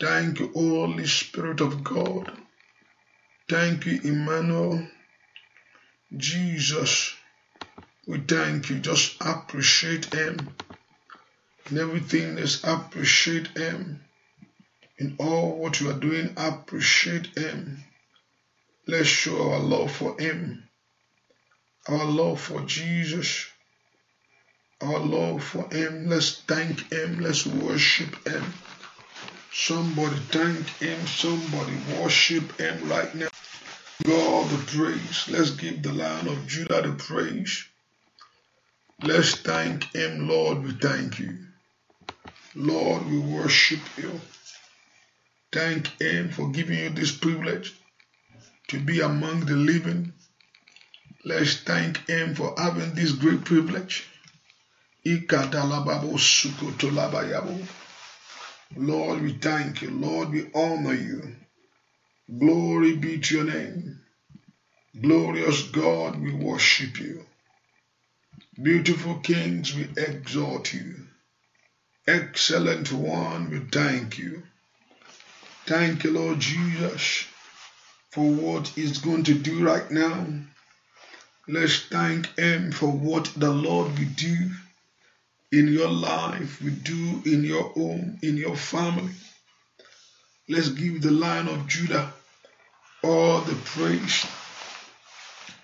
Thank you, Holy Spirit of God. Thank you, Emmanuel. Jesus, we thank you. Just appreciate Him. In everything, just appreciate Him. In all what you are doing, appreciate Him. Let's show our love for Him, our love for Jesus, our love for Him. Let's thank Him, let's worship Him. Somebody thank Him. Somebody worship Him right now. God the praise. Let's give the Lion of Judah the praise. Let's thank Him, Lord. We thank you. Lord, we worship you. Thank Him for giving you this privilege to be among the living. Let's thank Him for having this great privilege. sukotolabayabo. Lord, we thank you. Lord, we honor you. Glory be to your name. Glorious God, we worship you. Beautiful kings, we exalt you. Excellent one, we thank you. Thank you, Lord Jesus, for what he's going to do right now. Let's thank him for what the Lord will do in your life, we do in your home, in your family. Let's give the Lion of Judah all the praise,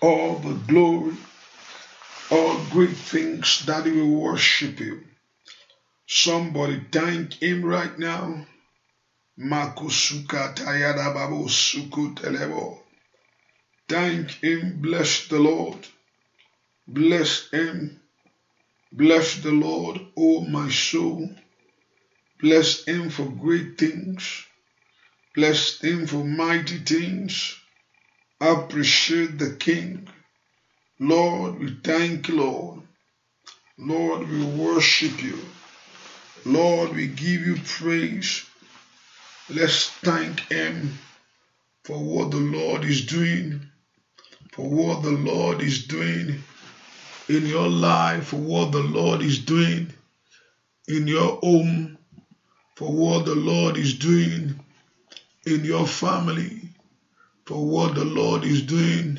all the glory, all great things that we worship you. Somebody thank him right now. Thank him, bless the Lord, bless him Bless the Lord, O my soul. Bless Him for great things. Bless Him for mighty things. Appreciate the King. Lord, we thank you, Lord. Lord, we worship you. Lord, we give you praise. Let's thank Him for what the Lord is doing, for what the Lord is doing in your life for what the Lord is doing, in your home for what the Lord is doing, in your family for what the Lord is doing.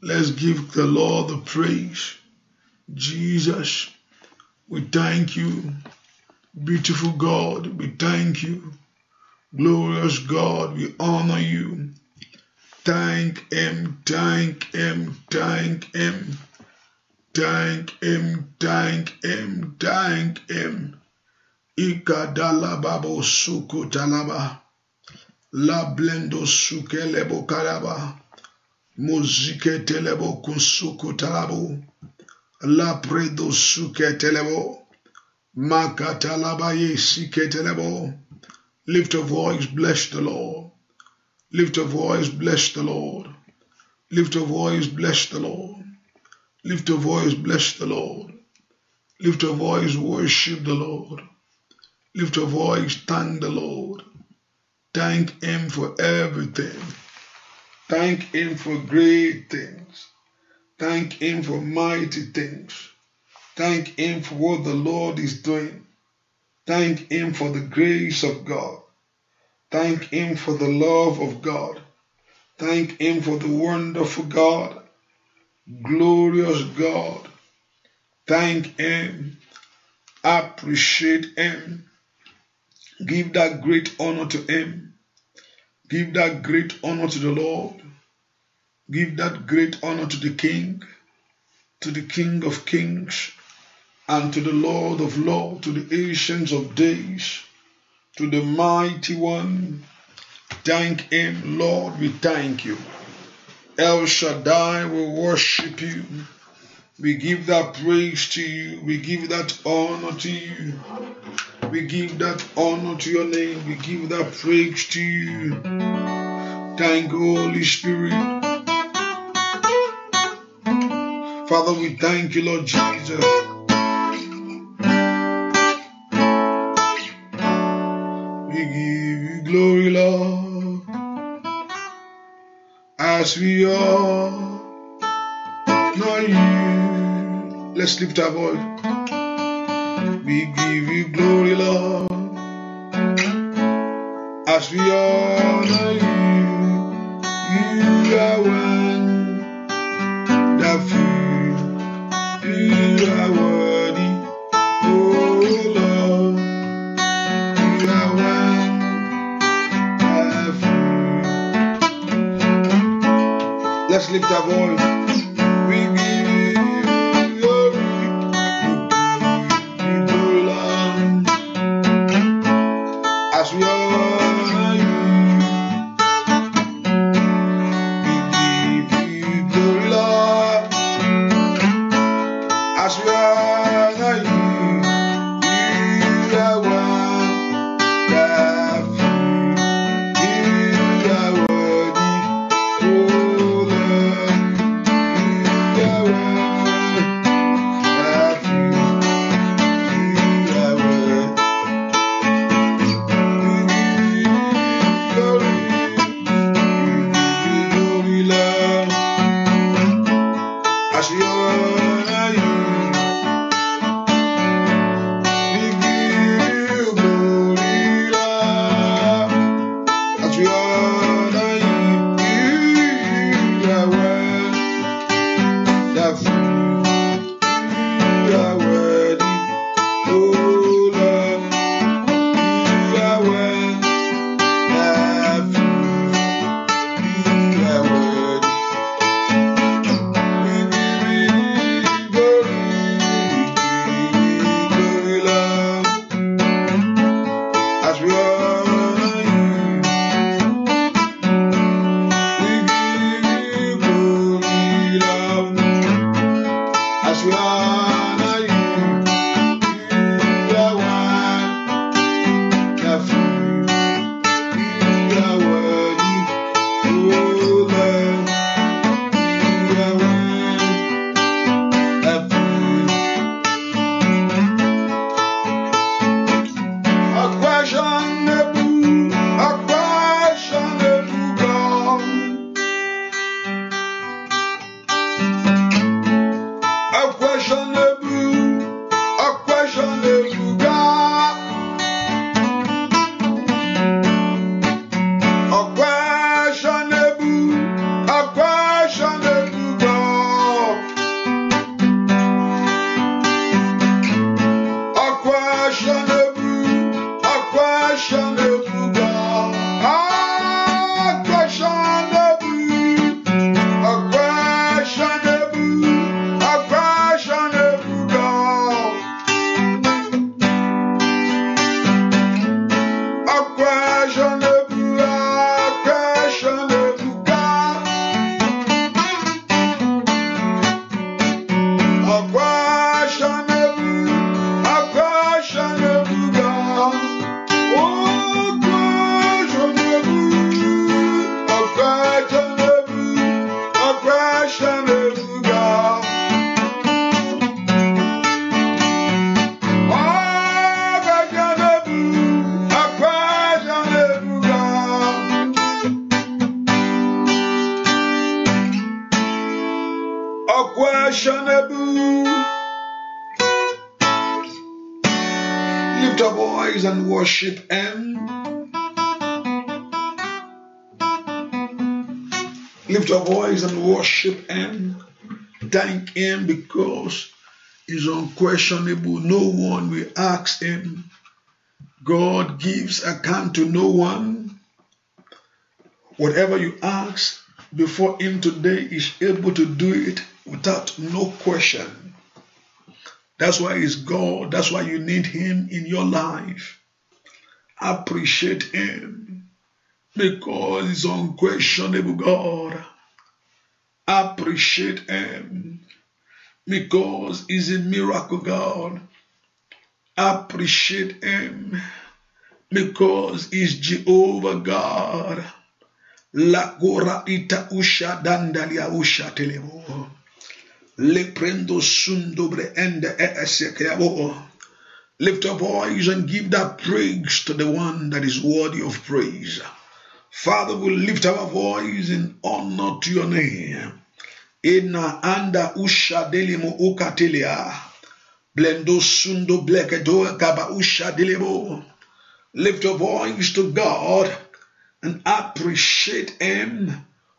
Let's give the Lord the praise. Jesus, we thank you. Beautiful God, we thank you. Glorious God, we honor you. Thank Him, thank Him, thank Him. Thank Him, thank Him, thank Him. Ikadalababo sukutalaba. Lablendo lebo kalaba. telebo kusuku la predo Muziketelebo kunsukutalabo. Lapredo suketelebo. Makatalabaye siketelebo. Lift a voice, bless the Lord. Lift a voice, bless the Lord. Lift a voice, bless the Lord. Lift your voice, bless the Lord. Lift your voice, worship the Lord. Lift your voice, thank the Lord. Thank Him for everything. Thank Him for great things. Thank Him for mighty things. Thank Him for what the Lord is doing. Thank Him for the grace of God. Thank Him for the love of God. Thank Him for the wonderful God glorious God. Thank Him, appreciate Him, give that great honor to Him, give that great honor to the Lord, give that great honor to the King, to the King of Kings, and to the Lord of Lords, to the Ancients of Days, to the Mighty One. Thank Him, Lord, we thank you. El Shaddai, we worship you. We give that praise to you. We give that honor to you. We give that honor to your name. We give that praise to you. Thank Holy Spirit. Father, we thank you, Lord Jesus. as we all know you. Let's lift our voice. We give you glory, Lord, as we all know you. You are worthy. lift up all worship Him, thank Him because He's unquestionable. No one will ask Him. God gives account to no one. Whatever you ask before Him today is able to do it without no question. That's why He's God. That's why you need Him in your life. Appreciate Him because He's unquestionable God. Appreciate Him because He's a miracle God. Appreciate Him because He's Jehovah God. La ita usha dandalia usha telebo. Le prendo sundobre ende esekeabo. Lift up voice and give that praise to the one that is worthy of praise. Father, we lift our voice in honor to your name. Ina anda usha delimo ukatelia. Blendo sundo blekedo gaba usha delimo. Lift your voice to God and appreciate Him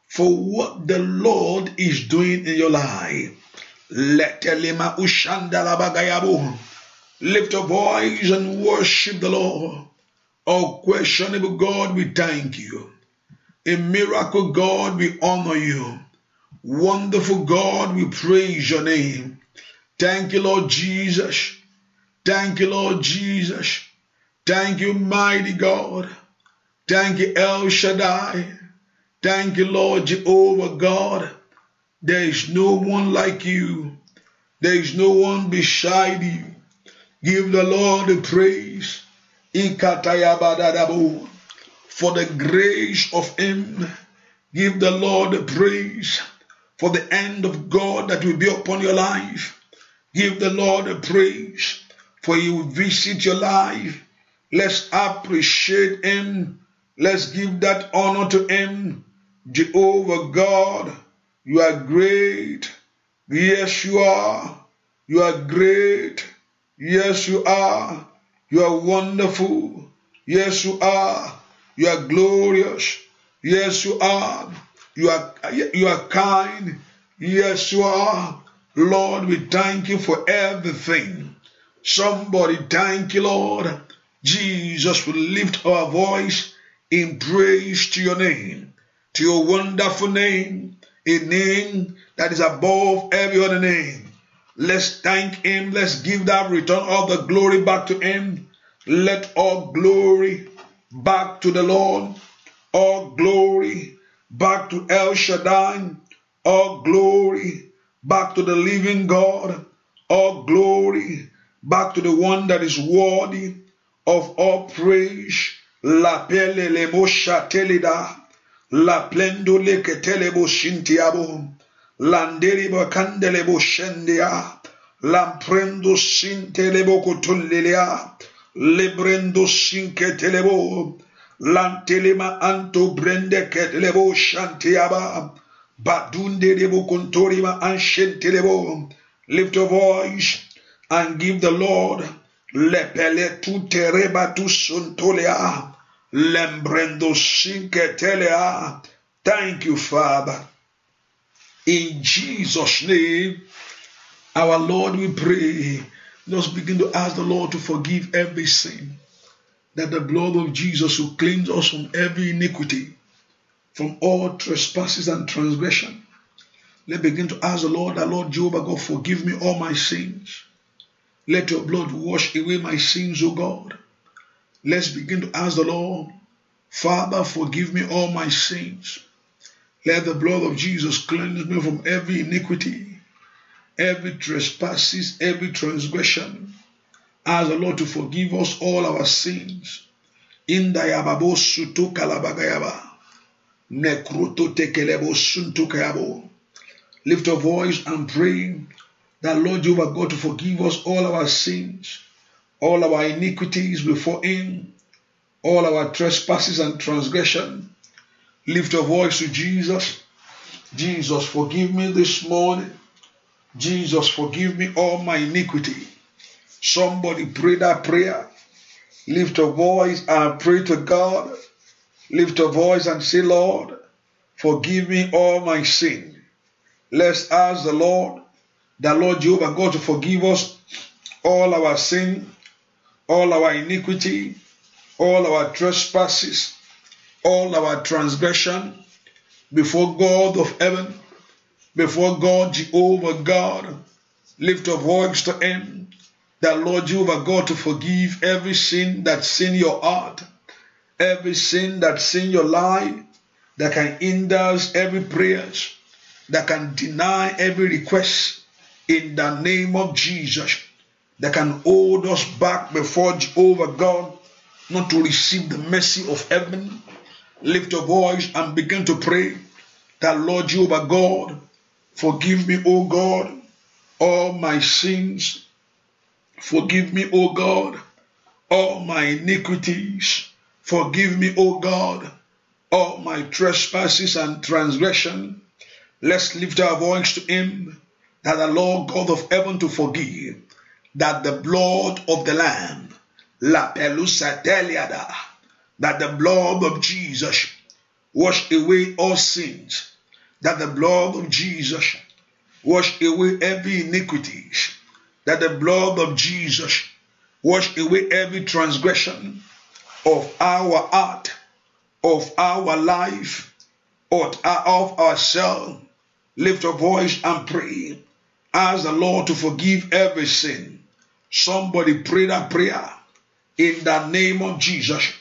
for what the Lord is doing in your life. Letelima ushanda labagayabu. Lift your voice and worship the Lord questionable God, we thank you. A miracle God, we honor you. Wonderful God, we praise your name. Thank you, Lord Jesus. Thank you, Lord Jesus. Thank you, mighty God. Thank you, El Shaddai. Thank you, Lord Jehovah God. There is no one like you. There is no one beside you. Give the Lord the praise. For the grace of Him, give the Lord praise. For the hand of God that will be upon your life, give the Lord praise. For He will visit your life. Let's appreciate Him. Let's give that honor to Him. Jehovah God, you are great. Yes, you are. You are great. Yes, you are. You are wonderful. Yes, you are. You are glorious. Yes, you are. You are, you are kind. Yes, you are. Lord, we thank you for everything. Somebody thank you, Lord. Jesus, we lift our voice in praise to your name, to your wonderful name, a name that is above every other name. Let's thank Him. Let's give that return all the glory back to Him. Let all glory back to the Lord. All glory back to El Shaddai. All glory back to the living God. All glory back to the one that is worthy of all praise. La pele le mosha telida. La plendo le ketelebo shintiabo landeribo kandelebo shendia lamprendo sintelebo kutulilea lebrendo sinketelebo lantelema anto brende ketelebo shantiaba badundelebo kontorima anshentelebo lift your voice and give the Lord lepele tu tereba tu sontolea lembrendo sinketelea thank you father in Jesus' name, our Lord, we pray. Let's begin to ask the Lord to forgive every sin. That the blood of Jesus will cleanse us from every iniquity, from all trespasses and transgression. let begin to ask the Lord, that Lord Jehovah God, forgive me all my sins. Let your blood wash away my sins, O God. Let's begin to ask the Lord, Father, forgive me all my sins. Let the blood of Jesus cleanse me from every iniquity, every trespasses, every transgression. Ask the Lord to forgive us all our sins. Indayababo Lift your voice and pray that Lord Jehovah God to forgive us all our sins, all our iniquities before Him, all our trespasses and transgression. Lift your voice to Jesus. Jesus, forgive me this morning. Jesus, forgive me all my iniquity. Somebody pray that prayer. Lift your voice and pray to God. Lift your voice and say, Lord, forgive me all my sin. Let's ask the Lord, the Lord Jehovah God, to forgive us all our sin, all our iniquity, all our trespasses, all our transgression before God of heaven, before God, Jehovah God. Lift up voice to Him, that Lord Jehovah God to forgive every sin that's in your heart, every sin that's in your life, that can hinder every prayers, that can deny every request in the name of Jesus, that can hold us back before Jehovah God, not to receive the mercy of heaven lift your voice and begin to pray that Lord Jehovah God, forgive me, O God, all my sins. Forgive me, O God, all my iniquities. Forgive me, O God, all my trespasses and transgression. Let's lift our voice to Him that the Lord God of heaven to forgive, that the blood of the Lamb, La Pelusa Deliada, that the blood of Jesus wash away all sins, that the blood of Jesus wash away every iniquities, that the blood of Jesus wash away every transgression of our heart, of our life, of ourselves. Lift a voice and pray. Ask the Lord to forgive every sin. Somebody pray that prayer in the name of Jesus.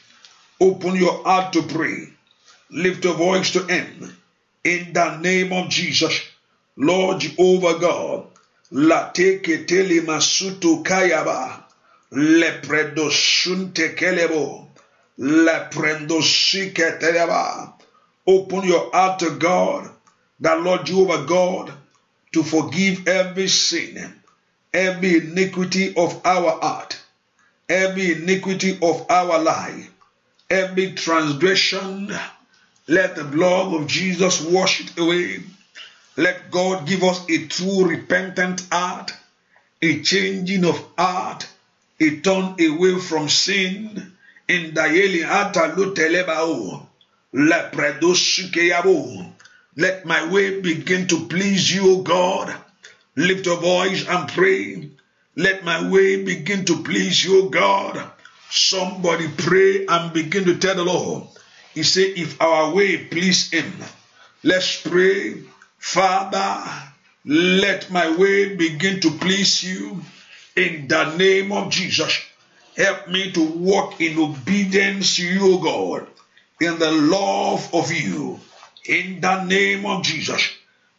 Open your heart to pray. Lift your voice to Him. In the name of Jesus, Lord Jehovah God, Lateke tele masutu kayaba, lepredo sunte kelebo, leprendo teleba. Open your heart to God, the Lord Jehovah God, to forgive every sin, every iniquity of our heart, every iniquity of our life. Every transgression, let the blood of Jesus wash it away. Let God give us a true repentant heart, a changing of heart, a turn away from sin. In Dayeli Let my way begin to please you, O God. Lift your voice and pray. Let my way begin to please you, O God. Somebody pray and begin to tell the Lord. He said, if our way please him, let's pray. Father, let my way begin to please you in the name of Jesus. Help me to walk in obedience to you, God, in the love of you. In the name of Jesus,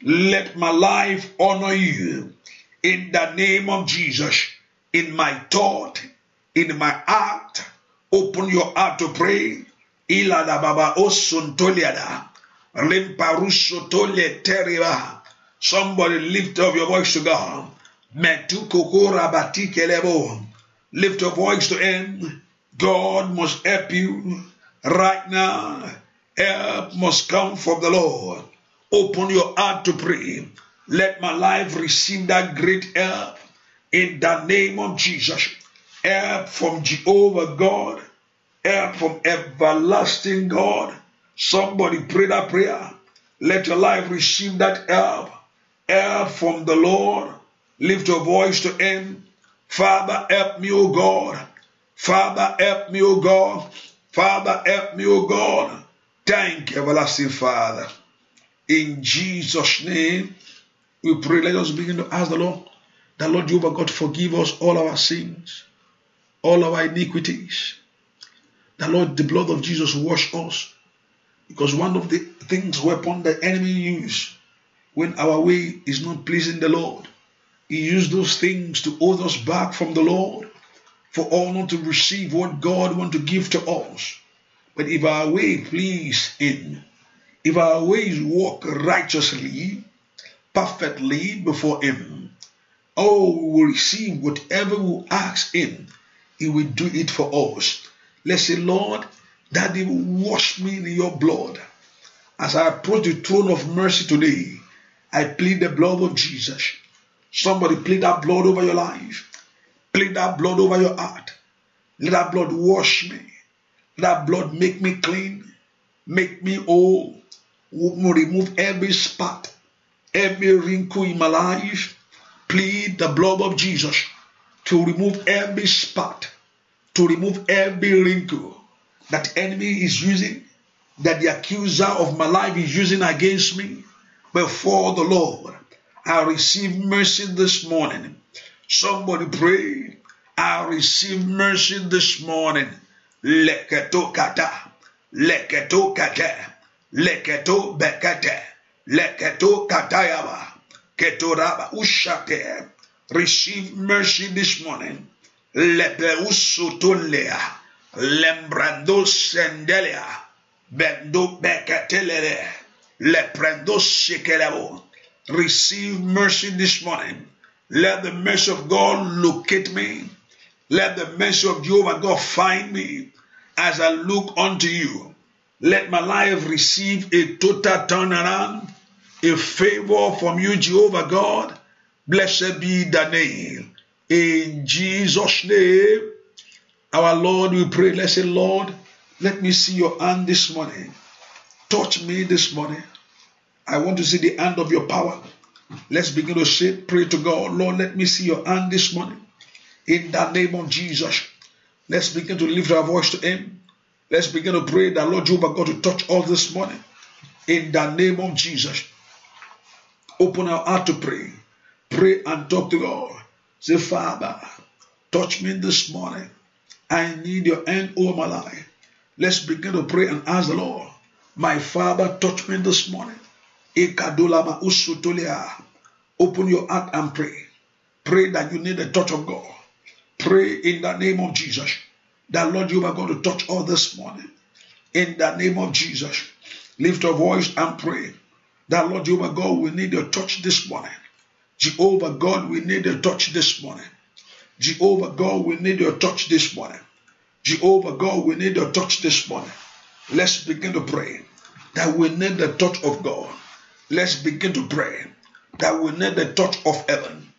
let my life honor you. In the name of Jesus, in my thought, in my heart. Open your heart to pray. Ilala baba osuntoliada. Limparusotole teriba. Somebody lift up your voice to God. Kokora batikelebo. Lift your voice to Him. God must help you right now. Help must come from the Lord. Open your heart to pray. Let my life receive that great help in the name of Jesus help from Jehovah God, help from everlasting God. Somebody pray that prayer. Let your life receive that help, help from the Lord. Lift your voice to Him. Father, help me, O God. Father, help me, O God. Father, help me, O God. Thank you, everlasting Father. In Jesus' name, we pray. Let us begin to ask the Lord, the Lord Jehovah God, forgive us all our sins all our iniquities. The Lord, the blood of Jesus wash us. Because one of the things weapon the enemy use when our way is not pleasing the Lord, he used those things to hold us back from the Lord, for all not to receive what God want to give to us. But if our way please Him, if our ways walk righteously, perfectly before Him, oh, we will receive whatever we ask Him he will do it for us. Let's say, Lord, that He will wash me in your blood. As I approach the throne of mercy today, I plead the blood of Jesus. Somebody plead that blood over your life. Plead that blood over your heart. Let that blood wash me. Let that blood make me clean. Make me whole. Remove every spot, every wrinkle in my life. Plead the blood of Jesus to remove every spot, to remove every wrinkle that enemy is using, that the accuser of my life is using against me. Before the Lord, I receive mercy this morning. Somebody pray, I receive mercy this morning. Leketokata, leketokate, leketo bekete, leketo ketoraba ushate. Receive mercy this morning. Lepeusutunlea. Lembrando sendelia. Bendo beketelere. Receive mercy this morning. Let the mercy of God locate me. Let the mercy of Jehovah God find me as I look unto you. Let my life receive a total turnaround, a favor from you, Jehovah God, Blessed be the name. In Jesus' name, our Lord, we pray. Let's say, Lord, let me see your hand this morning. Touch me this morning. I want to see the hand of your power. Let's begin to say, pray to God, Lord, let me see your hand this morning. In the name of Jesus, let's begin to lift our voice to Him. Let's begin to pray that Lord Jehovah God to touch us this morning. In the name of Jesus, open our heart to pray. Pray and talk to God. Say, Father, touch me this morning. I need your hand over my life. Let's begin to pray and ask the Lord. My Father, touch me this morning. Open your heart and pray. Pray that you need the touch of God. Pray in the name of Jesus that Lord, you are going to touch all this morning. In the name of Jesus, lift your voice and pray that Lord, you are God, we need your touch this morning. Jehovah God, we need your touch this morning. Jehovah God, we need your touch this morning. Jehovah God, we need your touch this morning. Let's begin to pray that we need the touch of God. Let's begin to pray that we need the touch of heaven.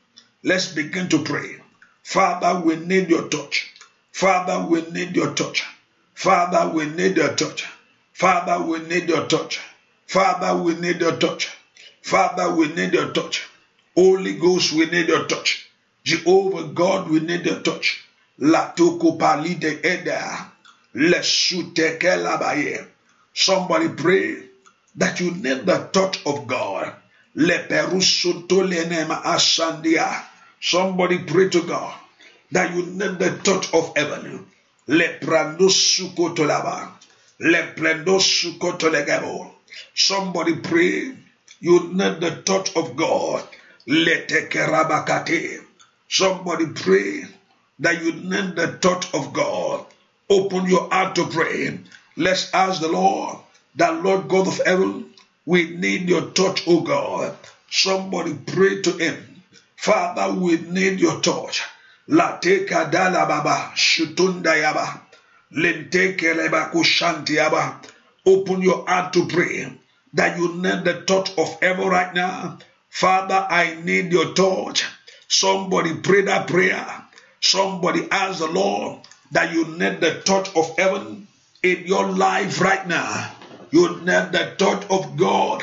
Let's begin to pray. Father, we need your touch. Father, we need your touch. Father, we need your touch. Father, we need your touch. Father, we need your touch. Father, we need your touch. Holy Ghost, we need your touch. Jehovah God, we need your touch. Latoko palite eda. labaye. Somebody pray that you need the touch of God. Somebody pray to God that you need the touch of heaven. Somebody pray you need the touch of God. Letekerabakate. Somebody pray that you name the thought of God. Open your heart to pray. Let's ask the Lord, that Lord God of heaven, we need your touch, O God. Somebody pray to him. Father, we need your touch. Lateka baba, shutunda yaba. Lenteke leba kushanti yaba. Open your heart to pray that you need the touch of heaven right now Father, I need your touch. Somebody pray that prayer. Somebody ask the Lord that you need the touch of heaven in your life right now. You need the touch of God.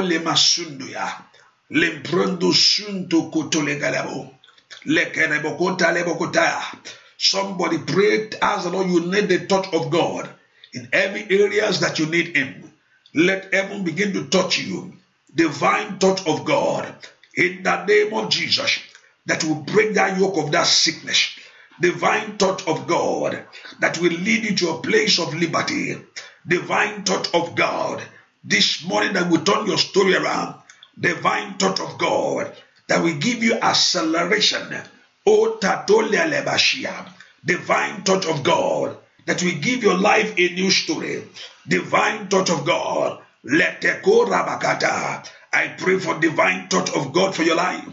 le Somebody pray, ask the Lord, you need the touch of God in every areas that you need Him. Let heaven begin to touch you divine touch of God in the name of Jesus that will break that yoke of that sickness. Divine touch of God that will lead you to a place of liberty. Divine touch of God this morning that will turn your story around. Divine touch of God that will give you acceleration. O oh, Divine touch of God that will give your life a new story. Divine touch of God let Leteko rabakata. I pray for divine touch of God for your life.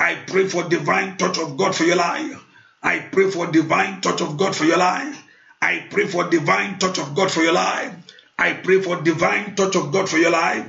I pray for divine touch of God for your life. I pray for divine touch of God for your life. I pray for divine touch of God for your life. I pray for divine touch of God for your life.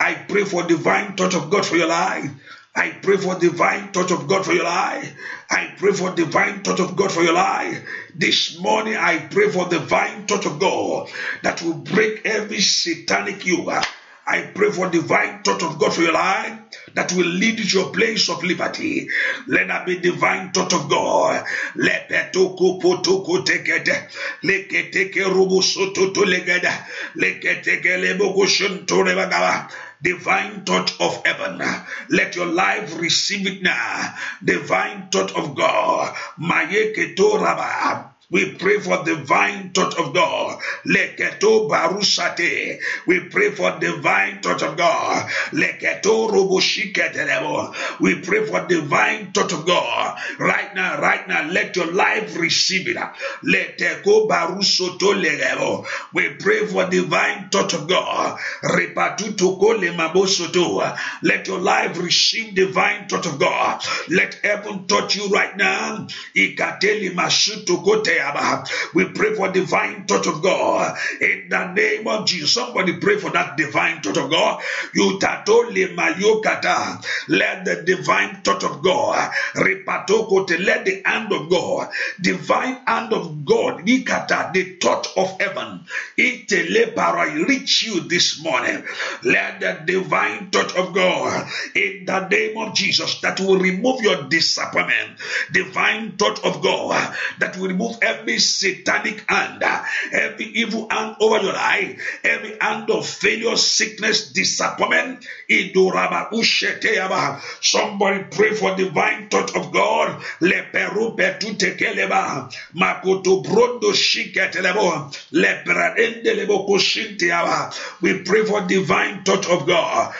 I pray for divine touch of God for your life. I pray for divine touch of God for your life. I pray for divine touch of God for your life. This morning I pray for divine touch of God that will break every satanic yoke. I pray for divine touch of God for your life that will lead you to a place of liberty. Let that be divine touch of God. Lepetoko potoko tekete. Leketeke rubusoto legeda. Leketeke Divine touch of heaven. Let your life receive it now. Divine touch of God. Mayeketo Rabba. We pray for divine touch of God. Leketo barusate. We pray for divine touch of God. Leketo roboshiketelebo. We pray for divine touch of God. Right now, right now, let your life receive it. Leteko barusoto legebo. We pray for divine touch of God. Repatutoko lemabosoto. Let your life receive divine touch of God. Let heaven touch you right now. Ikateli masutukote. We pray for divine touch of God in the name of Jesus. Somebody pray for that divine touch of God. You tatole Let the divine touch of God repatokote. Let the hand of God, divine hand of God, nikata, the touch of heaven, itele reach you this morning. Let the divine touch of God in the name of Jesus that will remove your disappointment. Divine touch of God that will remove every satanic hand, every evil hand over your life, every hand of failure, sickness, disappointment. Somebody pray for divine touch of God. We pray for divine touch of God.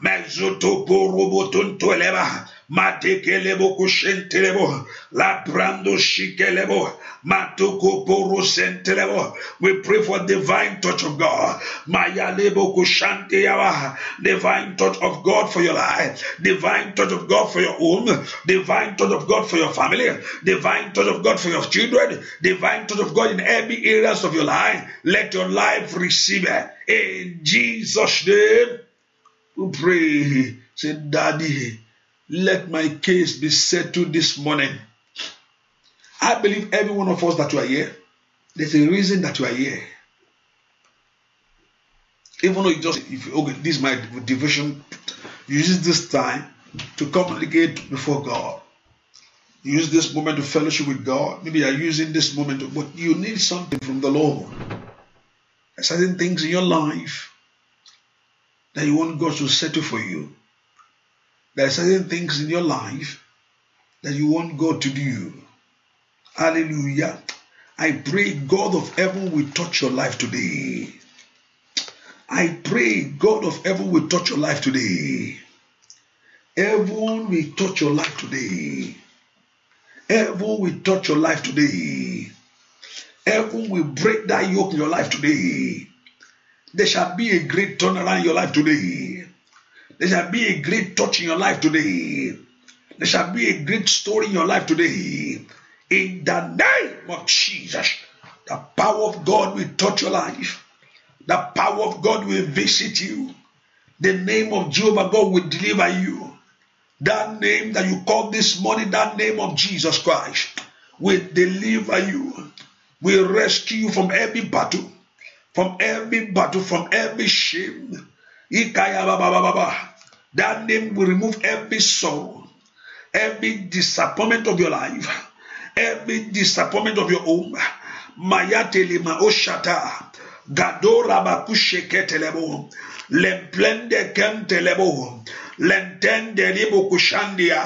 Mezutu purubutuntu eleba. Matekelebo kushentelebo. La brando shikelebo. Matoko poro sentelebo. We pray for divine touch of God. Mayalebo kushanti yawa. Divine touch of God for your life. Divine touch of God for your home. Divine touch of God for your family. Divine touch of God for your children. Divine touch of God in every areas of your life. Let your life receive it. In Jesus' name, we pray. Say, Daddy. Let my case be settled this morning. I believe every one of us that you are here, there's a reason that you are here. Even though you just, if okay, this is my devotion, use this time to communicate before God. Use this moment to fellowship with God. Maybe you are using this moment, to, but you need something from the Lord. certain things in your life that you want God to settle for you. There are certain things in your life that you want God to do. Hallelujah. I pray God of heaven will touch your life today. I pray God of heaven will touch your life today. Heaven will touch your life today. Heaven will touch your life today. Heaven will break that yoke in your life today. There shall be a great turnaround in your life today. There shall be a great touch in your life today. There shall be a great story in your life today. In the name of Jesus, the power of God will touch your life. The power of God will visit you. The name of Jehovah God will deliver you. That name that you call this morning, that name of Jesus Christ, will deliver you, will rescue you from every battle, from every battle, from every shame That name will remove every sorrow, every disappointment of your life, every disappointment of your home. Mayatelima Oshata. Gadora bakusheketelebo. Lemplende kentelebo. Lentende libo kushandia.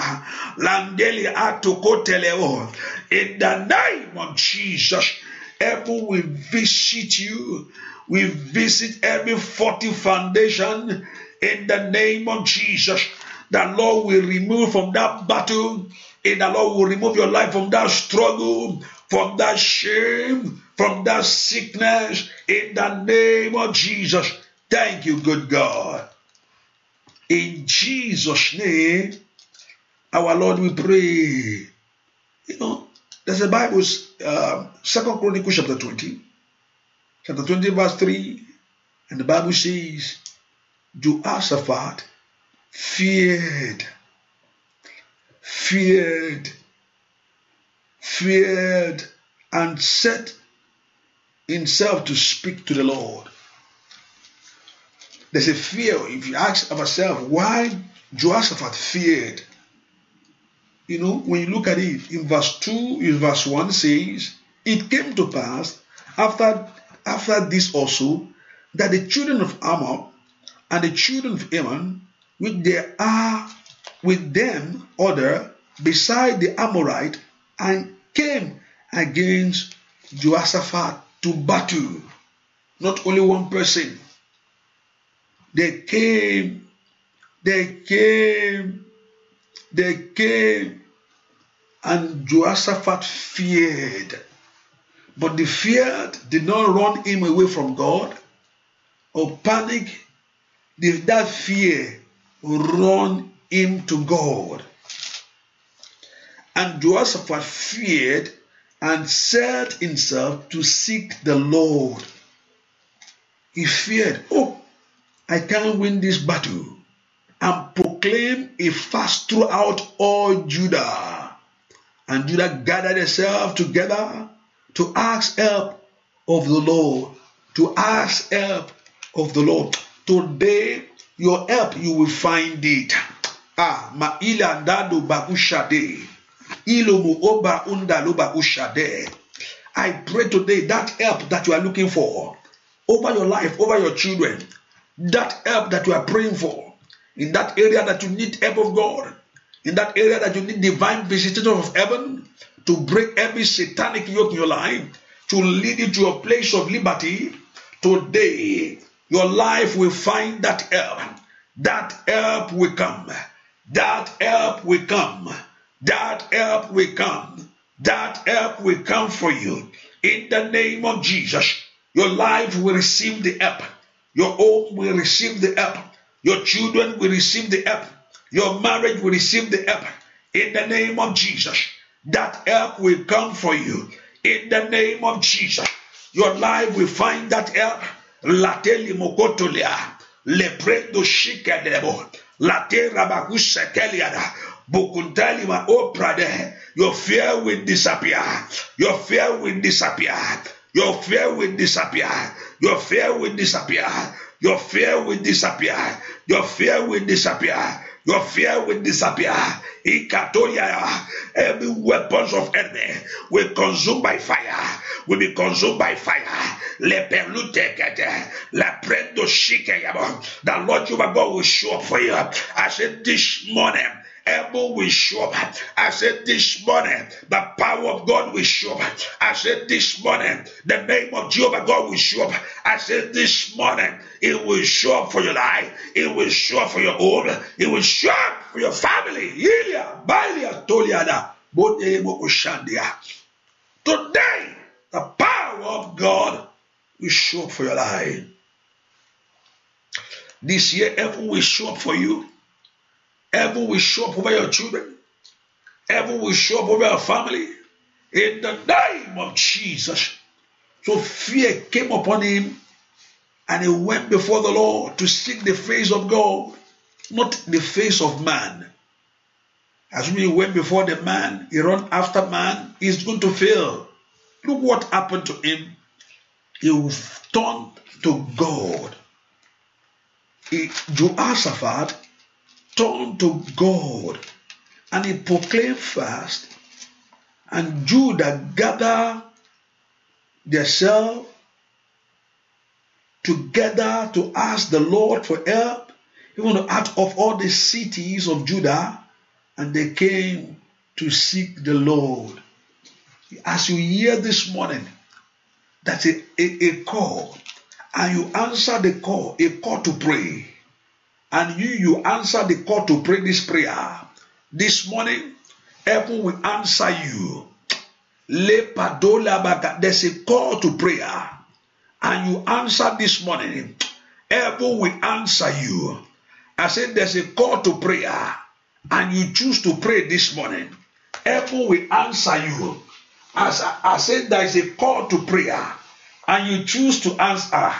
Landeli atukotelebo. In the name of Jesus, heaven will visit you We visit every faulty foundation in the name of Jesus. The Lord will remove from that battle, and the Lord will remove your life from that struggle, from that shame, from that sickness, in the name of Jesus. Thank you, good God. In Jesus' name, our Lord, we pray. You know, there's a Bible, uh, Second Chronicles chapter 20 chapter 20, verse 3, and the Bible says, Jehoshaphat feared, feared, feared, and set himself to speak to the Lord. There's a fear. If you ask of yourself why Jehoshaphat feared, you know, when you look at it in verse 2, in verse 1 says, It came to pass after After this also, that the children of Amor and the children of Ammon, which there are with them other beside the Amorite, and came against Jehoshaphat to battle. Not only one person. They came, they came, they came, and Jehoshaphat feared But the fear did not run him away from God or panic. Did that fear run him to God? And Joseph feared and set himself to seek the Lord. He feared, Oh, I can't win this battle, and proclaimed a fast throughout all Judah. And Judah gathered themselves together to ask help of the Lord. To ask help of the Lord. Today, your help, you will find it. Ah, ma ila ilandado bakushade. Ilomu oba unda undalo bakushade. I pray today that help that you are looking for over your life, over your children, that help that you are praying for, in that area that you need help of God, in that area that you need divine visitation of heaven, to break every satanic yoke in your life, to lead you to a place of liberty, today your life will find that help. That help will come. That help will come. That help will come. That help will come for you. In the name of Jesus, your life will receive the help. Your home will receive the help. Your children will receive the help. Your marriage will receive the help. In the name of Jesus, that help will come for you in the name of Jesus. Your life will find that help. Lateli mokotolea, leprendo shikedebo, latera bagusekeliada, bukuntali ma oprade. Your fear will disappear. Your fear will disappear. Your fear will disappear. Your fear will disappear. Your fear will disappear. Your fear will disappear. Your fear will disappear. Ikatoya, every weapons of enemy will consume by fire, will be consumed by fire. Le perlutekete, le prendo shikeyabo. The Lord Jehovah God will show up for you. I said this morning, Ebo will show up. I said this morning, the power of God will show up. I said this morning, the name of Jehovah God will show up. I said this morning, it will show up for your life. It will show up for your home. It will show up for your family. Today, the power of God will show up for your life. This year, heaven will show up for you. Heaven will show up over your children. Heaven will show up over your family. In the name of Jesus. So fear came upon him and he went before the Lord to seek the face of God, not the face of man. As we went before the man, he ran after man, he's going to fail. Look what happened to him. He turned to God. He, Jehoshaphat turned to God and he proclaimed fast. And Judah gathered themselves together to ask the Lord for help, even out of all the cities of Judah, and they came to seek the Lord. As you hear this morning, that's a, a, a call, and you answer the call, a call to pray, and you, you answer the call to pray this prayer. This morning, heaven will answer you. There's a call to prayer and you answer this morning, heaven will answer you. I said there's a call to prayer and you choose to pray this morning, heaven will answer you. As I, I said there is a call to prayer and you choose to answer,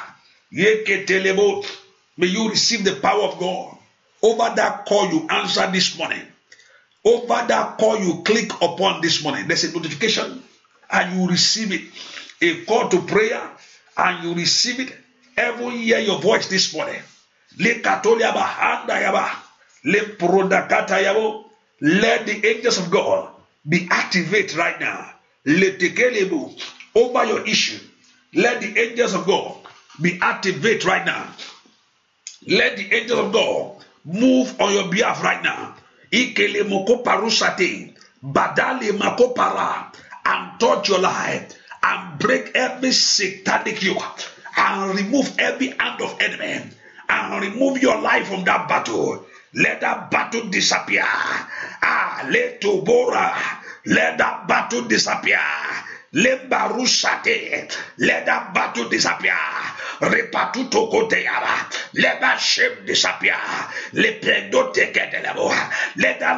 may you receive the power of God. Over that call you answer this morning. Over that call you click upon this morning. There's a notification and you receive it. A call to prayer and you receive it, every year. your voice this morning. Let the angels of God be activated right now. Over your issue, let the angels of God be activated right now. Let the angels of God move on your behalf right now. Ikele moko parusate, badale mako para, and touch your life break every satanic yoke and remove every hand of enemy and remove your life from that battle. Let that battle disappear. Ah, let to bora. Let that battle disappear. Let barusate. Let that battle disappear. Repatutokoteyaba. Let that shame disappear. Let that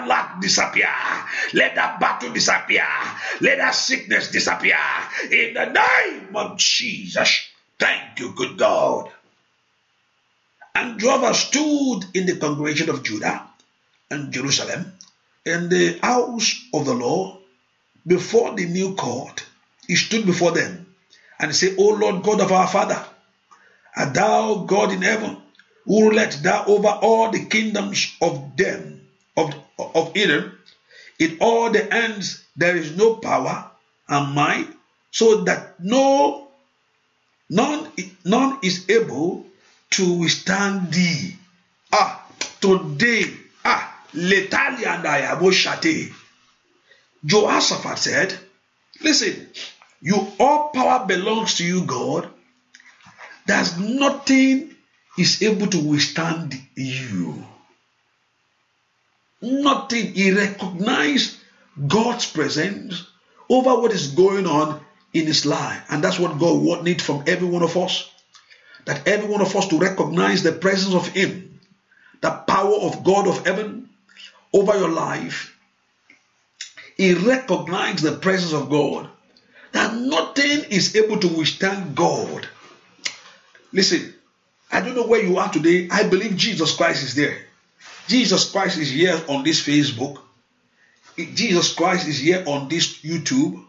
lack disappear. Let that battle disappear. Let that sickness disappear. In the name of Jesus. Thank you, good God. And Jehovah stood in the congregation of Judah and Jerusalem in the house of the Lord before the new court. He stood before them and said, O Lord God of our Father, Art thou God in heaven, who let thou over all the kingdoms of them, of, of In all the ends there is no power and might, so that no none, none is able to withstand thee. Ah, today, ah, letali and I Jehoshaphat said, Listen, you all power belongs to you, God, there's nothing is able to withstand you. Nothing. He recognized God's presence over what is going on in his life. And that's what God would need from every one of us. That every one of us to recognize the presence of Him, the power of God of heaven over your life. He recognized the presence of God. That nothing is able to withstand God. Listen, I don't know where you are today. I believe Jesus Christ is there. Jesus Christ is here on this Facebook. Jesus Christ is here on this YouTube.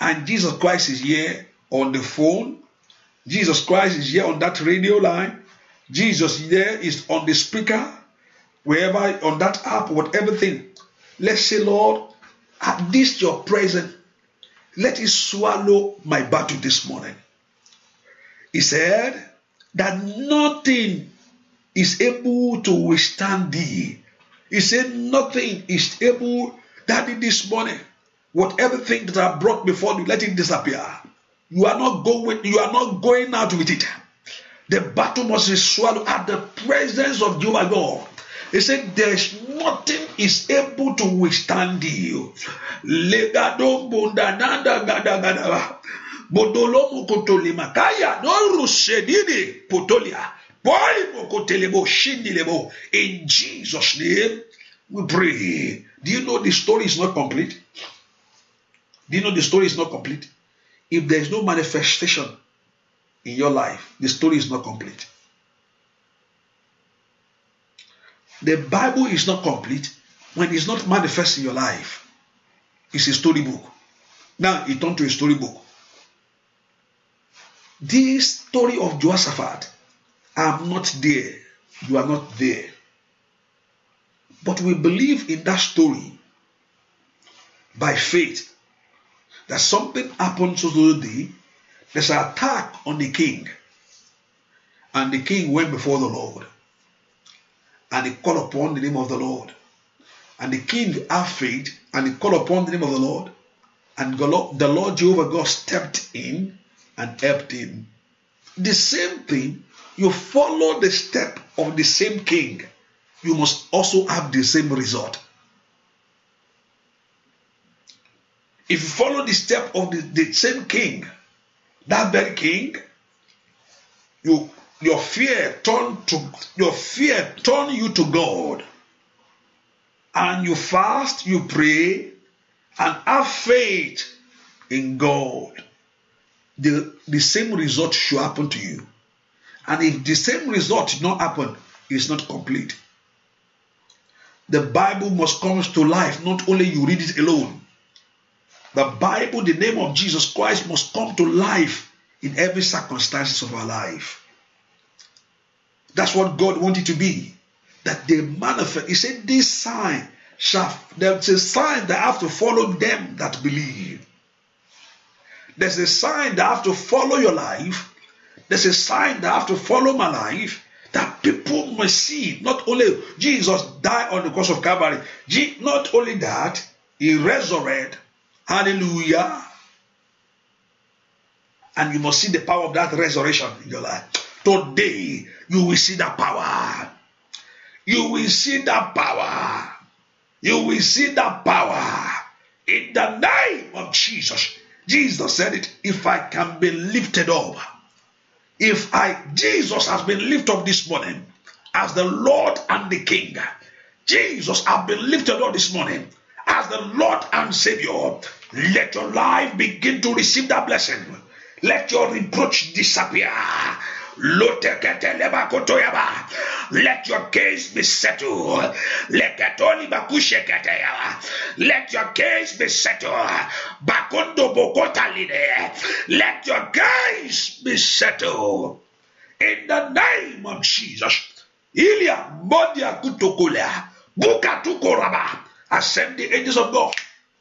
And Jesus Christ is here on the phone. Jesus Christ is here on that radio line. Jesus there is on the speaker, wherever on that app, whatever thing. Let's say, Lord, at this your presence, let it swallow my battle this morning. He said that nothing is able to withstand thee. He said, Nothing is able, Daddy, this morning, whatever thing that I brought before you, let it disappear. You are not going, you are not going out with it. The battle must be swallowed at the presence of Jehovah God. He said, there's nothing is able to withstand you. bodolomo kotolemakaya norushedidi potolia boimo kotelebo shinilebo. In Jesus' name, we pray. Do you know the story is not complete? Do you know the story is not complete? If there is no manifestation in your life, the story is not complete. The Bible is not complete when it's not manifest in your life. It's a storybook. Now it turned to a storybook. This story of Jehoshaphat, I'm not there, you are not there. But we believe in that story by faith that something happened to the day. There's an attack on the king. And the king went before the Lord. And he called upon the name of the Lord. And the king had faith and he called upon the name of the Lord. And the Lord Jehovah God stepped in and helped him. The same thing, you follow the step of the same king, you must also have the same result. If you follow the step of the, the same king, that very king, you your fear turn to your fear turn you to God. And you fast, you pray, and have faith in God. the, the same result should happen to you. And if the same result did not happen, it's not complete. The Bible must come to life, not only you read it alone. The Bible, the name of Jesus Christ, must come to life in every circumstances of our life. That's what God wanted to be. That they manifest. He said, This sign shall there's a sign that have to follow them that believe. There's a sign that I have to follow your life. There's a sign that I have to follow my life that people must see. Not only Jesus died on the cross of Calvary, not only that, he resurrected. Hallelujah. And you must see the power of that resurrection in your life. Today, you will see that power. You will see that power. You will see that power. In the name of Jesus, Jesus said it. If I can be lifted up, if I, Jesus has been lifted up this morning as the Lord and the King. Jesus has been lifted up this morning as the Lord and Savior. Let your life begin to receive that blessing. Let your reproach disappear. Let your case be settled. Let your case be settled. Let your case be settled. In the name of Jesus. Ilya Modia Kutokola. Buka Tukoraba. I send the angels of God.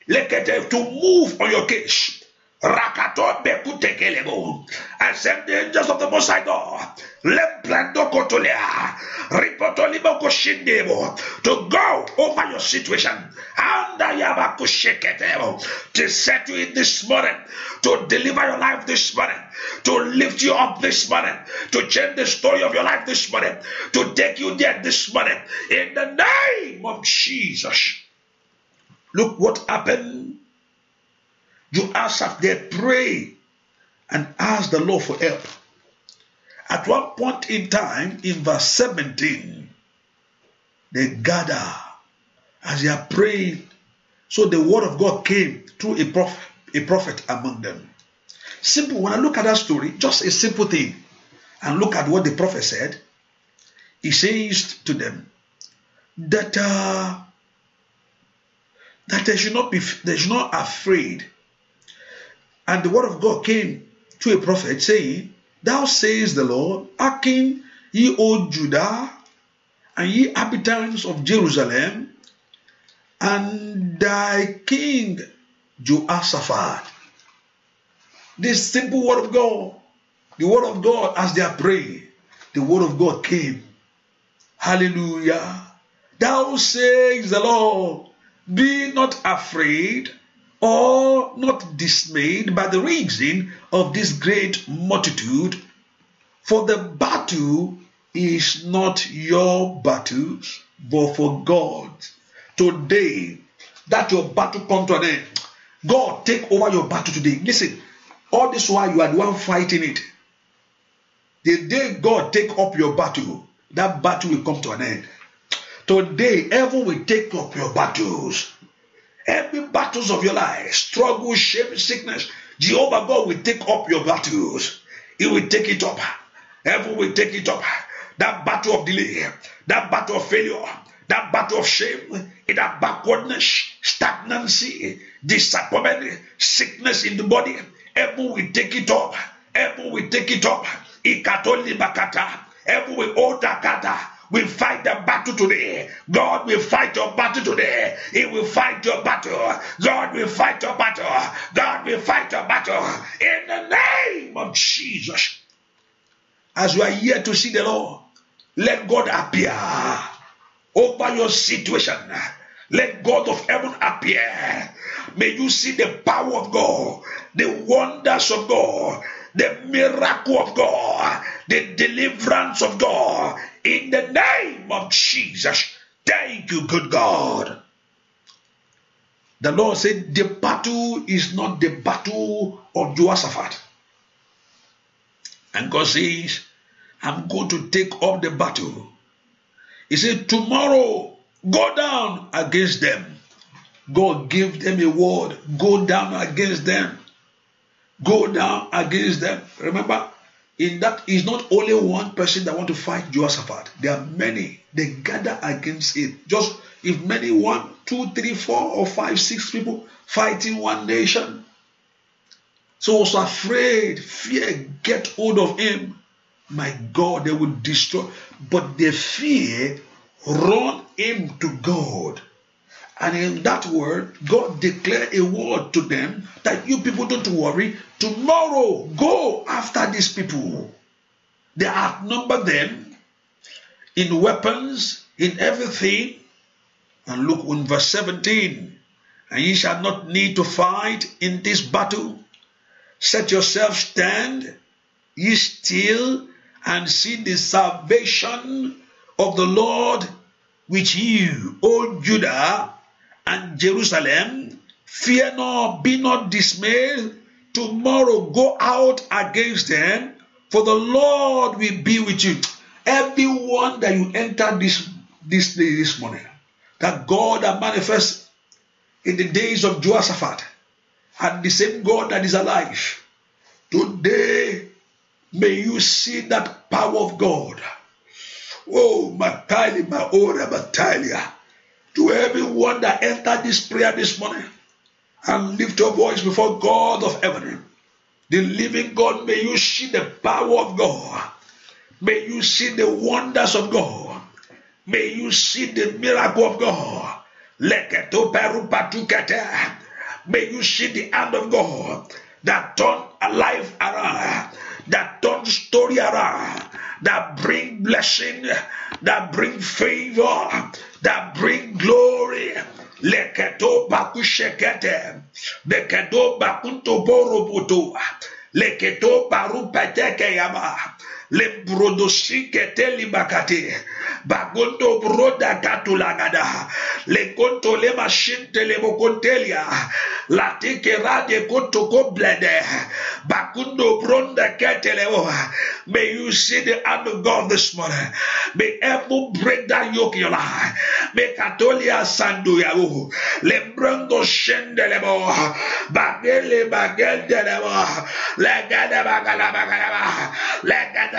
Lekete to move on your case. Rakato bekutekelebo. I send the angels of the Most High God. Lemplando kotolea. Ripotolibo koshindebo. To go over your situation. Andayaba kusheketebo. To set you in this morning. To deliver your life this morning. To lift you up this morning. To change the story of your life this morning. To take you there this morning. In the name of Jesus. Look what happened you Joashaph there pray and ask the Lord for help. At one point in time, in verse 17, they gather as they are praying. So the word of God came through a prophet, a prophet among them. Simple. When I look at that story, just a simple thing, and look at what the prophet said. He says to them that uh, that they should not be they should not afraid and the word of God came to a prophet, saying, Thou sayest the Lord, king ye old Judah, and ye inhabitants of Jerusalem, and thy king Jehoshaphat. This simple word of God, the word of God as they are praying, the word of God came. Hallelujah. Thou sayest the Lord, Be not afraid, or not dismayed by the reason of this great multitude, for the battle is not your battle, but for God. Today, that your battle come to an end. God, take over your battle today. Listen, all this while you are the one fighting it. The day God take up your battle, that battle will come to an end. Today, heaven will take up your battles. Every battles of your life, struggle, shame, sickness, Jehovah God will take up your battles. He will take it up. Heaven will take it up. That battle of delay, that battle of failure, that battle of shame, that backwardness, stagnancy, disappointment, sickness in the body, heaven will take it up. Heaven will take it up. Ikatoli bakata. Heaven will hold that will fight the battle today. God will fight your battle today. He will fight your battle. God will fight your battle. God will fight your battle. In the name of Jesus. As you are here to see the Lord, let God appear over your situation. Let God of heaven appear. May you see the power of God, the wonders of God the miracle of God, the deliverance of God in the name of Jesus. Thank you, good God. The Lord said, The battle is not the battle of Jehoshaphat. And God says, I'm going to take up the battle. He said, Tomorrow, go down against them. God gave them a word, go down against them. go down against them. Remember, in that is not only one person that want to fight Jehoshaphat. There are many. They gather against it. Just if many one, two, three, four, or five, six people fighting one nation. So was afraid, fear get hold of him. My God, they will destroy. But the fear run him to God. And in that word, God declared a word to them that you people don't worry. Tomorrow, go after these people. They outnumber them in weapons, in everything. And look in verse 17. And ye shall not need to fight in this battle. Set yourself stand, ye still, and see the salvation of the Lord with you, O Judah and Jerusalem, fear not, be not dismayed. Tomorrow go out against them, for the Lord will be with you. Everyone that you enter this this day this morning, that God that manifests in the days of Jehoshaphat, and the same God that is alive, today may you see that power of God. Oh, Matalia, my Ora Matalia to everyone that entered this prayer this morning and lift your voice before God of heaven. The living God, may you see the power of God. May you see the wonders of God. May you see the miracle of God. May you see the hand of God that turned life around that turn story around, that bring blessing, that bring favor, that bring glory. Leketo leketo yama. le brodoshike teli bakate bagondo broda katulagada le konto le mashinte le bokontelia la teke rade konto koblede bakundo bronda keteleo may you see the hand of God this morning may evil break that yoke in your life may katolia sandu yao le brondo shende le bo bagele bagende le bo le gada bagala bagala le gada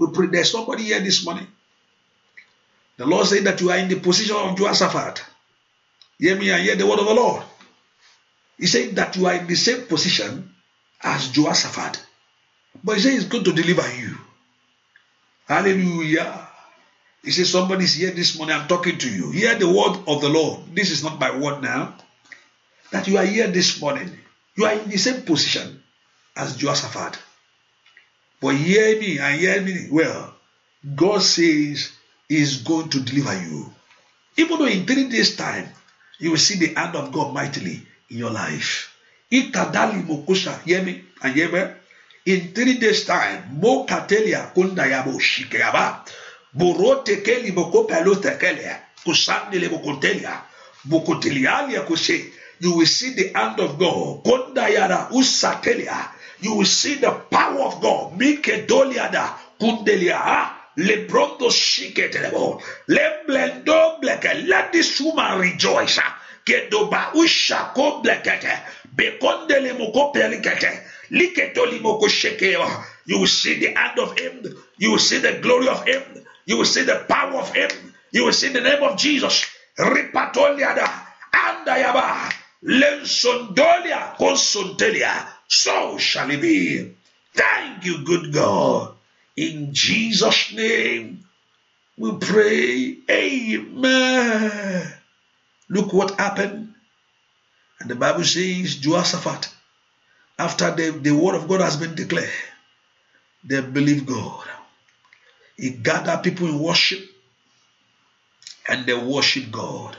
We pray there's somebody here this morning. The Lord said that you are in the position of Jehoshaphat. Hear me and hear the word of the Lord. He said that you are in the same position as Jehoshaphat. But he said he's going to deliver you. Hallelujah. He says, Somebody's here this morning. I'm talking to you. Hear the word of the Lord. This is not my word now. That you are here this morning. You are in the same position as Jehoshaphat. But hear me and hear me well. God says He's going to deliver you. Even though in three days' time, you will see the hand of God mightily in your life. Itadali mokusha, hear me and hear me. In three days' time, mokatelia kundayabo shikeaba, borotekeli mokopelo tekelia, kusandele mokotelia, mokotelialia kuse. You will see the hand of God. Kondayara usatelia you will see the power of God. Mikedoliada kundelia lebrondo shiketelebo leblendo bleke. Let this woman rejoice. Kedoba usha ko blekete bekondele moko pelikete liketoli moko shekewa. You will see the hand of Him. You will see the glory of Him. You will see the power of Him. You will see the name of Jesus. Ripatoliada andayaba. Lensondolia, consontelia. So shall it be. Thank you, good God. In Jesus' name, we pray. Amen. Look what happened. And the Bible says, Jehoshaphat, after the, the word of God has been declared, they believe God. He gathered people in worship and they worship God.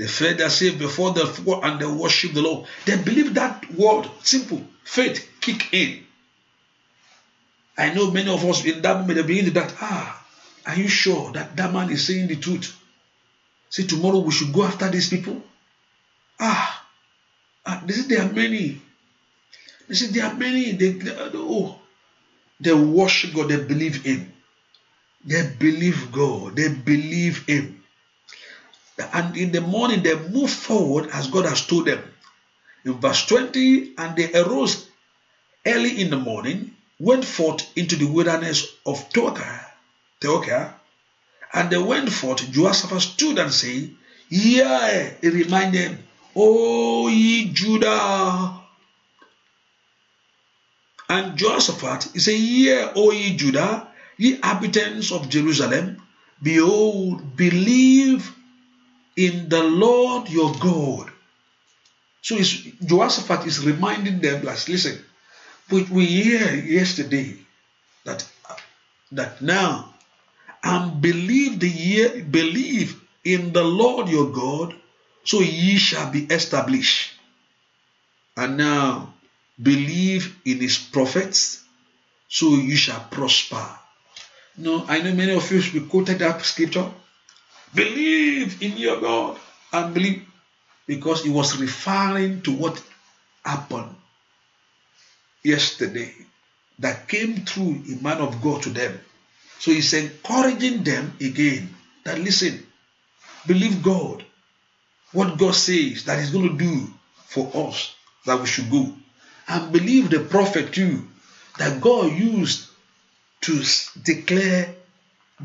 They fled their sin before the floor and they worship the Lord. They believe that word, simple, faith, kick in. I know many of us in that moment they begin that, ah, are you sure that that man is saying the truth? See, tomorrow we should go after these people. Ah, ah this is there are many. They say there are many. They, they, uh, oh, they worship God. They believe Him. They believe God. They believe Him. And in the morning, they moved forward as God has told them. In verse 20, and they arose early in the morning, went forth into the wilderness of Toka, Teoka, and they went forth. Jehoshaphat stood and said, Yea, he reminded, O ye Judah. And Jehoshaphat, he said, Yea, O ye Judah, ye inhabitants of Jerusalem, behold, believe in the Lord your God. So Jehoshaphat is reminding them, like, listen, but we hear yesterday that that now and believe the year believe in the Lord your God, so ye shall be established. And now believe in his prophets, so you shall prosper. Now no, I know many of you be quoted that scripture, Believe in your God and believe because he was referring to what happened yesterday that came through a man of God to them. So he's encouraging them again that listen, believe God, what God says that he's going to do for us that we should go. And believe the prophet too that God used to declare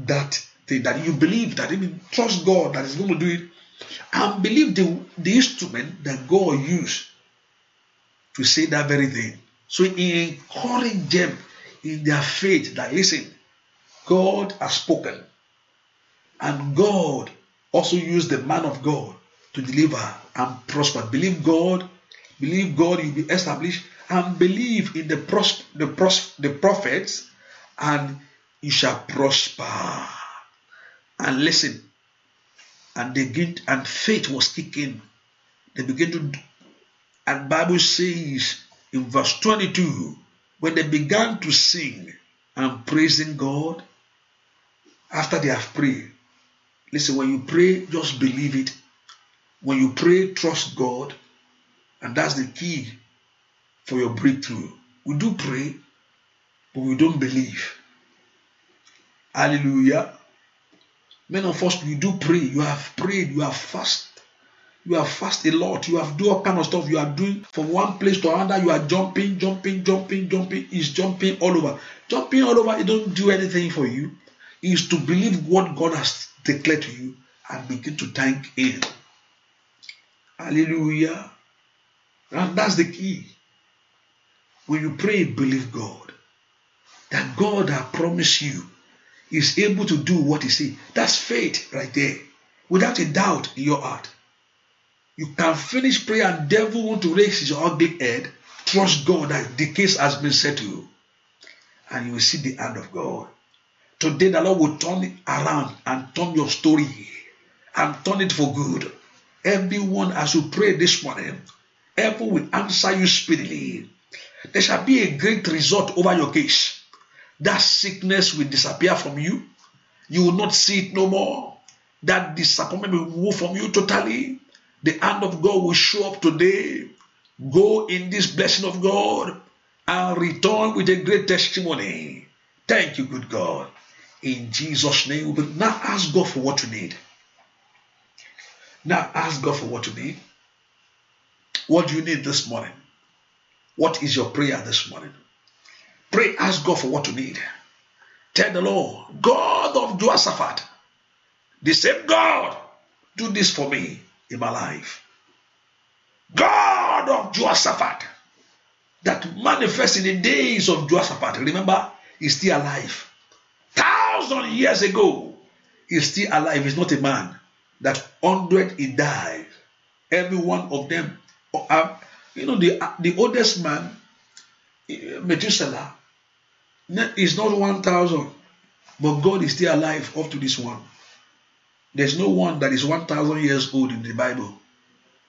that thing that you believe that even trust God that is going to do it and believe the, the instrument that God used to say that very thing. So he encouraged them in their faith that listen, God has spoken, and God also used the man of God to deliver and prosper. Believe God, believe God, you'll be established, and believe in the pros- the, pros- the prophets, and you shall prosper and listen. And they get and faith was kicking. They began to and Bible says in verse 22, when they began to sing and praising God, after they have prayed, listen, when you pray, just believe it. When you pray, trust God. And that's the key for your breakthrough. We do pray, but we don't believe. Hallelujah. Many of us, you do pray. You have prayed. You have fast. You have fast a lot. You have do all kind of stuff. You are doing from one place to another. You are jumping, jumping, jumping, jumping. Is jumping all over. Jumping all over. It don't do anything for you. Is to believe what God has declared to you and begin to thank Him. Hallelujah. And that's the key. When you pray, believe God that God has promised you is able to do what he said. That's faith right there. Without a doubt in your heart. You can finish prayer and devil want to raise his ugly head. Trust God that the case has been settled. And you will see the hand of God. Today the Lord will turn it around and turn your story and turn it for good. Everyone, as you pray this morning, heaven will answer you speedily. There shall be a great result over your case. That sickness will disappear from you. You will not see it no more. That disappointment will move from you totally. The hand of God will show up today. Go in this blessing of God and return with a great testimony. Thank you, good God. In Jesus' name, we now ask God for what you need. Now ask God for what you need. What do you need this morning? What is your prayer this morning? Pray, ask God for what you need. Tell the Lord, God of Jehoshaphat, the same God, do this for me in my life. God of Jehoshaphat, that manifests in the days of Jehoshaphat, remember, he's still alive. Thousand years ago, he's still alive. He's not a man. That hundred he died. Every one of them. Uh, you know, the, uh, the oldest man, eh, Methuselah, it's not 1,000, but God is still alive up to this one. There's no one that is 1,000 years old in the Bible.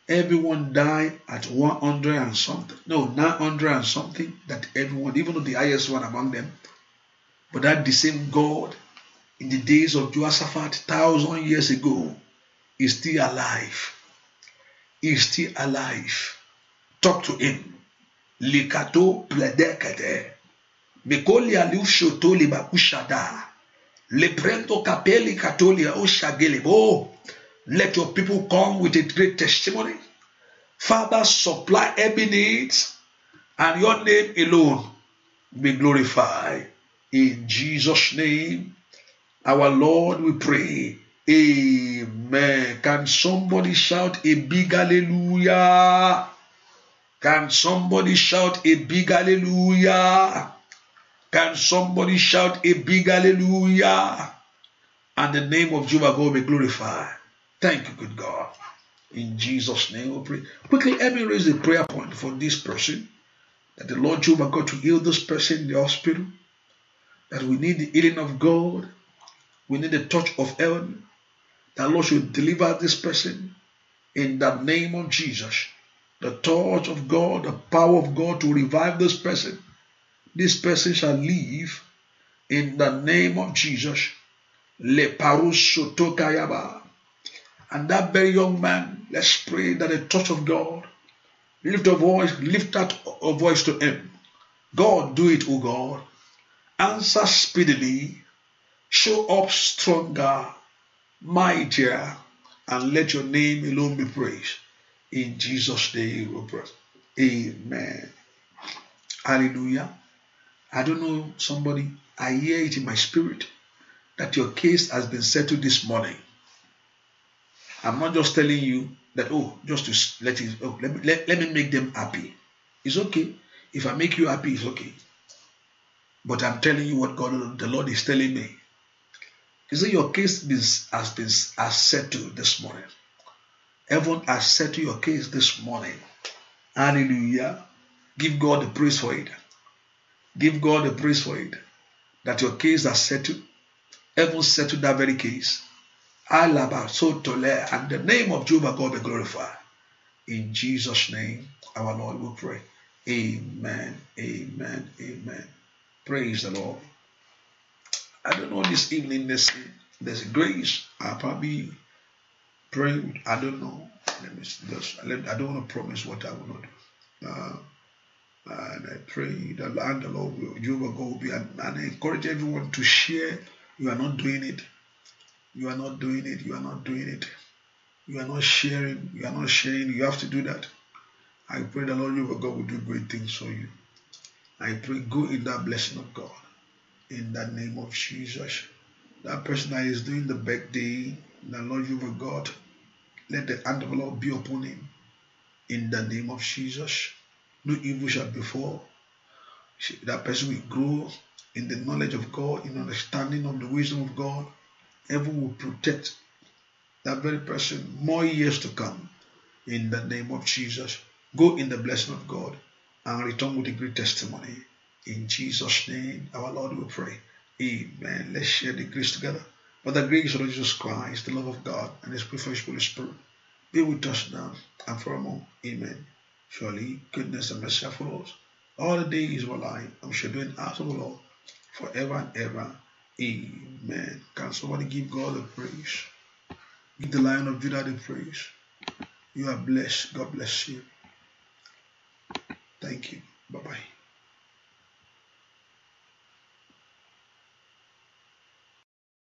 Everyone died at 100 and something. No, 900 and something that everyone, even the highest one among them. But that the same God in the days of Jehoshaphat, 1,000 years ago, is still alive. Is still alive. Talk to him. Likato pledekete. mikoli aliushotoli bakushada leprento kapeli katoli oshagelebo let your people come with a great testimony father supply every need and your name alone be glorified in jesus name our lord we pray amen can somebody shout a big hallelujah can somebody shout a big hallelujah Can somebody shout a big hallelujah? And the name of Jehovah God be glorified. Thank you, good God. In Jesus' name we pray. Quickly, let me raise a prayer point for this person. That the Lord Jehovah God to heal this person in the hospital. That we need the healing of God. We need the touch of heaven. That Lord should deliver this person in the name of Jesus. The touch of God, the power of God to revive this person this person shall live in the name of Jesus. And that very young man, let's pray that the touch of God lift a voice, lift that a voice to him. God, do it, O God. Answer speedily, show up stronger, mightier, and let your name alone be praised. In Jesus' name, Amen. Hallelujah. I don't know somebody, I hear it in my spirit that your case has been settled this morning. I'm not just telling you that, oh, just to let it, oh, let me, let, let me make them happy. It's okay. If I make you happy, it's okay. But I'm telling you what God, the Lord is telling me. He said, Your case has been has settled this morning. Heaven has settled your case this morning. Hallelujah. Give God the praise for it. Give God a praise for it. That your case has settled. Heaven settled that very case. Alaba, so tole, and the name of Jehovah God be glorified. In Jesus' name, our Lord will pray. Amen. Amen. Amen. Praise the Lord. I don't know this evening there's there's grace. I probably pray. I don't know. Let me just. I don't want to promise what I will not do. Uh, and I pray that Lord, the Lord will, you will go be and, I encourage everyone to share. You are not doing it. You are not doing it. You are not doing it. You are not sharing. You are not sharing. You have to do that. I pray the Lord your God will do great things for you. I pray go in that blessing of God. In the name of Jesus. That person that is doing the day, the Lord your God, let the hand of the Lord be upon him. In the name of Jesus no evil shall befall. That person will grow in the knowledge of God, in understanding of the wisdom of God. Heaven will protect that very person more years to come. In the name of Jesus, go in the blessing of God and return with a great testimony. In Jesus' name, our Lord, we pray. Amen. Let's share the grace together. But the grace of Jesus Christ, the love of God, and His perfect Holy Spirit be with us now and moment. Amen. Surely goodness and mercy for us all the days of our life, I'm sure doing an of the Lord forever and ever. Amen. Can somebody give God the praise? Give the Lion of Judah the praise. You are blessed. God bless you. Thank you. Bye bye.